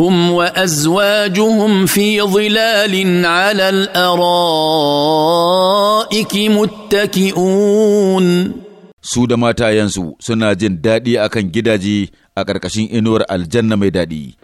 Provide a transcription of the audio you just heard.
هم وازواجهم في ظلال على الارائك متكئون su da matayensu suna jin daɗi akan gidaje a ƙarƙashin inuwar aljanna mai daɗi